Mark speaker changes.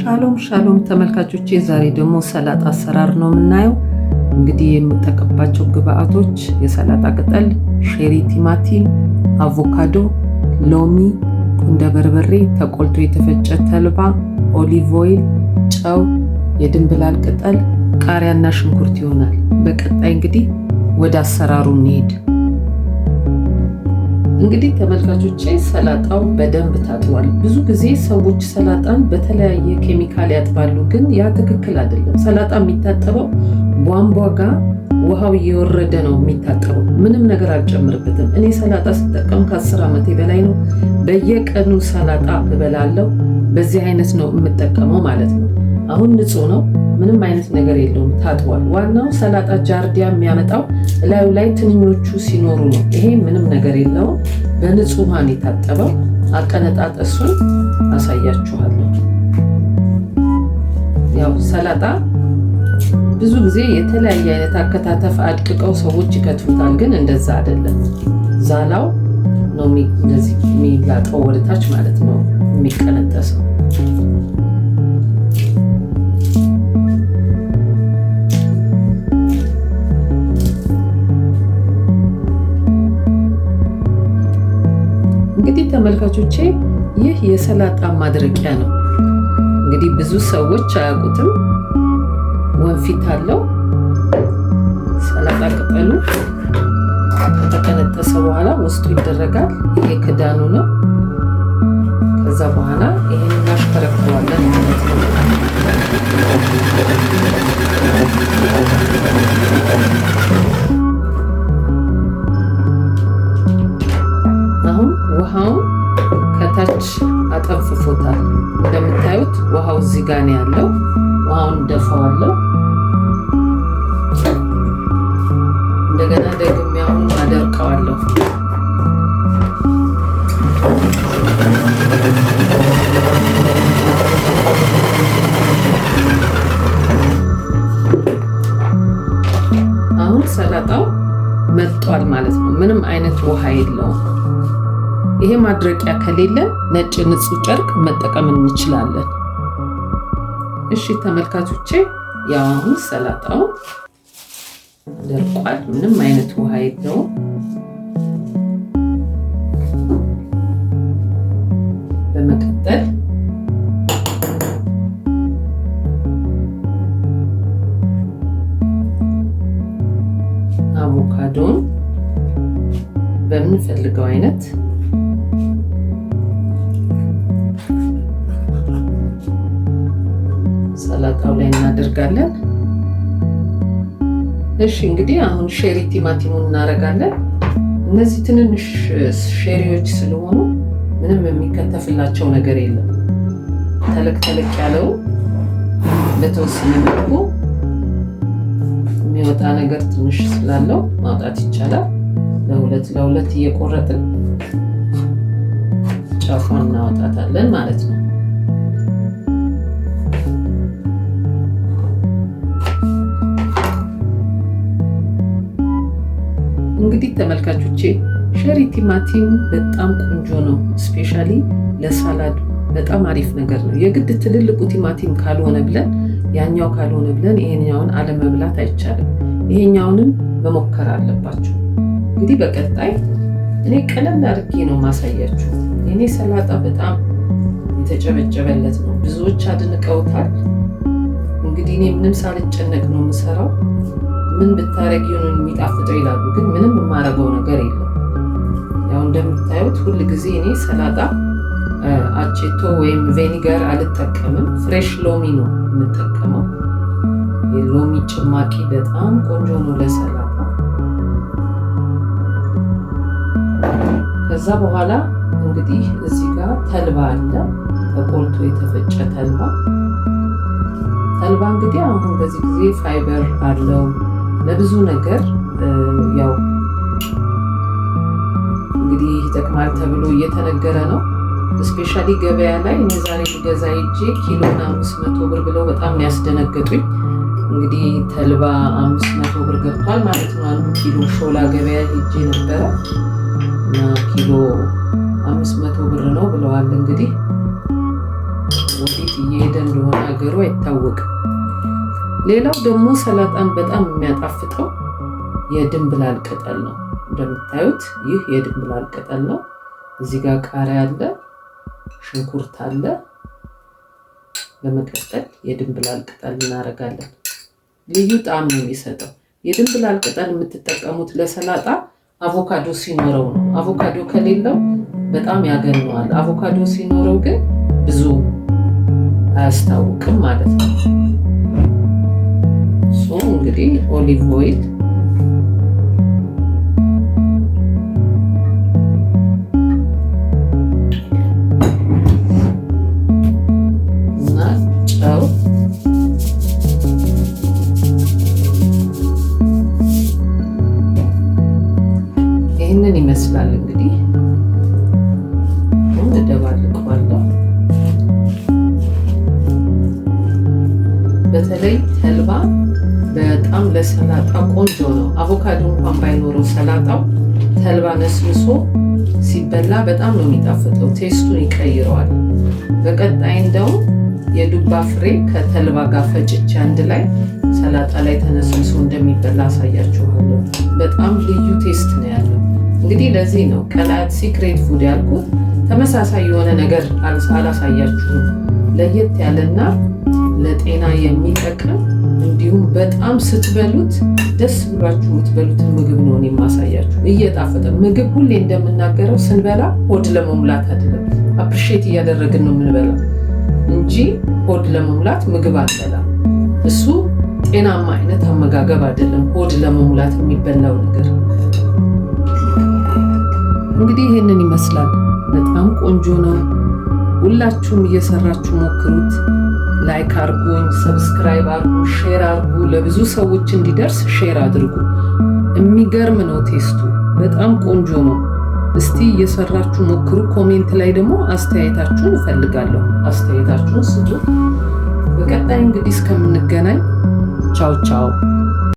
Speaker 1: ሻሎም ሻሎም ተመልካቾቼ፣ ዛሬ ደግሞ ሰላጣ አሰራር ነው የምናየው። እንግዲህ የምጠቀምባቸው ግብአቶች የሰላጣ ቅጠል፣ ሼሪ ቲማቲም፣ አቮካዶ፣ ሎሚ፣ ቁንደ በርበሬ፣ ተቆልቶ የተፈጨ ተልባ፣ ኦሊቭ ኦይል፣ ጨው፣ የድንብላል ቅጠል፣ ቃሪያና ሽንኩርት ይሆናል። በቀጣይ እንግዲህ ወደ አሰራሩ እንሄድ። እንግዲህ ተመልካቾቼ ሰላጣው በደንብ ታጥቧል። ብዙ ጊዜ ሰዎች ሰላጣን በተለያየ ኬሚካል ያጥባሉ፣ ግን ያ ትክክል አይደለም። ሰላጣ የሚታጠበው ቧንቧ ጋር ውሃው እየወረደ ነው የሚታጠበው። ምንም ነገር አልጨምርበትም። እኔ ሰላጣ ስጠቀም ከአስር ዓመቴ በላይ ነው። በየቀኑ ሰላጣ እበላለሁ። በዚህ አይነት ነው የምጠቀመው ማለት ነው። አሁን ንጹህ ነው፣ ምንም አይነት ነገር የለውም፣ ታጥቧል። ዋናው ሰላጣ ጃርዲያ የሚያመጣው እላዩ ላይ ትንኞቹ ሲኖሩ ነው። ይሄ ምንም ነገር የለውም፣ በንጹህ ውሃን የታጠበው። አቀነጣጠሱን አሳያችኋለሁ። ያው ሰላጣ ብዙ ጊዜ የተለያየ አይነት አከታተፍ አድቅቀው ሰዎች ይከትፉታል፣ ግን እንደዛ አይደለም። ዛላው ነው እንደዚህ የሚላጠው ወደታች ማለት ነው የሚቀነጠሰው። እንግዲህ ተመልካቾቼ ይህ የሰላጣ ማድረቂያ ነው። እንግዲህ ብዙ ሰዎች አያውቁትም። ወንፊት አለው። ሰላጣ ቅጠሉ ከተቀነጠሰ በኋላ ውስጡ ይደረጋል። ይሄ ክዳኑ ነው። ከዛ በኋላ ይህን እናሽከረክረዋለን ማለት ነው። እዚህ ነው ያለው። ውሃውን ደፋዋለሁ። እንደገና ደግሞ ያሁን አደርቀዋለሁ። አሁን ሰላጣው መጥቷል ማለት ነው። ምንም አይነት ውሃ የለውም። ይሄ ማድረቂያ ከሌለ ነጭ ንጹህ ጨርቅ መጠቀም እንችላለን። እሺ ተመልካቾቼ ያው አሁን ሰላጣው ደርቋል። ምንም አይነት ውሃ የለውም። በመቀጠል አቮካዶን በምንፈልገው አይነት ሰላጣው ላይ እናደርጋለን። እሺ እንግዲህ አሁን ሼሪ ቲማቲሙን እናደርጋለን። እነዚህ ትንንሽ ሼሪዎች ስለሆኑ ምንም የሚከተፍላቸው ነገር የለም። ተለቅ ተለቅ ያለው በተወሰነ መልኩ የሚወጣ ነገር ትንሽ ስላለው ማውጣት ይቻላል። ለሁለት ለሁለት እየቆረጥን ጫፏን እናወጣታለን ማለት ነው። እንግዲህ ተመልካቾቼ ሸሪ ቲማቲም በጣም ቆንጆ ነው። ስፔሻሊ ለሳላድ በጣም አሪፍ ነገር ነው። የግድ ትልልቁ ቲማቲም ካልሆነ ብለን ያኛው ካልሆነ ብለን ይሄኛውን አለመብላት አይቻልም። ይሄኛውንም መሞከር አለባቸው። እንግዲህ በቀጣይ እኔ ቀለል አድርጌ ነው ማሳያችሁ። እኔ ሰላጣ በጣም የተጨበጨበለት ነው። ብዙዎች አድንቀውታል። እንግዲህ እኔ ምንም ሳልጨነቅ ነው የምሰራው። ምን ብታረጊ ነው የሚጣፍጠው ይላሉ። ግን ምንም የማረገው ነገር የለም። ያው እንደምታዩት ሁል ጊዜ እኔ ሰላጣ አቼቶ ወይም ቬኒገር አልጠቀምም። ፍሬሽ ሎሚ ነው የምጠቀመው። የሎሚ ጭማቂ በጣም ቆንጆ ነው ለሰላጣ። ከዛ በኋላ እንግዲህ እዚህ ጋር ተልባ አለ፣ ተቆልቶ የተፈጨ ተልባ። ተልባ እንግዲህ አሁን በዚህ ጊዜ ፋይበር አለው ለብዙ ነገር ያው እንግዲህ ይጠቅማል ተብሎ እየተነገረ ነው። እስፔሻሊ ገበያ ላይ እኔ ዛሬ ልገዛ ሂጄ ኪሎን አምስት መቶ ብር ብለው በጣም ያስደነገጡኝ። እንግዲህ ተልባ አምስት መቶ ብር ገብቷል ማለት ነው። አንዱ ኪሎ ሾላ ገበያ ሄጄ ነበረ እና ኪሎ አምስት መቶ ብር ነው ብለዋል። እንግዲህ ወዴት እየሄደ እንደሆነ ሀገሩ አይታወቅም። ሌላው ደግሞ ሰላጣን በጣም የሚያጣፍጠው የድንብላል ቅጠል ነው። እንደምታዩት ይህ የድንብላል ቅጠል ነው። እዚህ ጋር ቃሪያ አለ፣ ሽንኩርት አለ። በመቀጠል የድንብላል ቅጠል እናደርጋለን። ልዩ ጣዕም ነው የሚሰጠው። የድንብላል ቅጠል የምትጠቀሙት ለሰላጣ አቮካዶ ሲኖረው ነው። አቮካዶ ከሌለው በጣም ያገነዋል። አቮካዶ ሲኖረው ግን ብዙ አያስታውቅም ማለት ነው። እሱ እንግዲህ ኦሊቭ ኦይል ይህንን ይመስላል እንግዲህ እንደባልቀዋለሁ። በተለይ ተልባ በጣም ለሰላጣ ቆንጆ ነው። አቮካዶ እንኳን ባይኖረው ሰላጣው ተልባ ነስንሶ ሲበላ በጣም ነው የሚጣፍጠው። ቴስቱን ይቀይረዋል። በቀጣይ እንደውም የዱባ ፍሬ ከተልባ ጋር ፈጭቼ አንድ ላይ ሰላጣ ላይ ተነስንሶ እንደሚበላ አሳያችኋለሁ። በጣም ልዩ ቴስት ነው ያለው። እንግዲህ ለዚህ ነው ቀላት ሲክሬት ፉድ ያልኩት። ተመሳሳይ የሆነ ነገር አላሳያችሁም። ለየት ያለና ለጤና የሚጠቅም እንዲሁም በጣም ስትበሉት ደስ ብሏችሁ የምትበሉትን ምግብ ነው የማሳያችሁ። እየጣፈጠ ምግብ ሁሌ እንደምናገረው ስንበላ ሆድ ለመሙላት አይደለም፣ አፕሪሼት እያደረግን ነው የምንበላው እንጂ ሆድ ለመሙላት ምግብ አንበላም። እሱ ጤናማ አይነት አመጋገብ አይደለም፣ ሆድ ለመሙላት የሚበላው ነገር። እንግዲህ ይህንን ይመስላል። በጣም ቆንጆ ነው። ሁላችሁም እየሰራችሁ ሞክሩት። ላይክ አርጉኝ፣ ሰብስክራይብ አርጉ፣ ሼር አርጉ። ለብዙ ሰዎች እንዲደርስ ሼር አድርጉ። የሚገርም ነው ቴስቱ፣ በጣም ቆንጆ ነው። እስቲ እየሰራችሁ ሞክሩ። ኮሜንት ላይ ደግሞ አስተያየታችሁን እፈልጋለሁ። አስተያየታችሁን ስጡ። በቀጣይ እንግዲህ እስከምንገናኝ ቻው ቻው።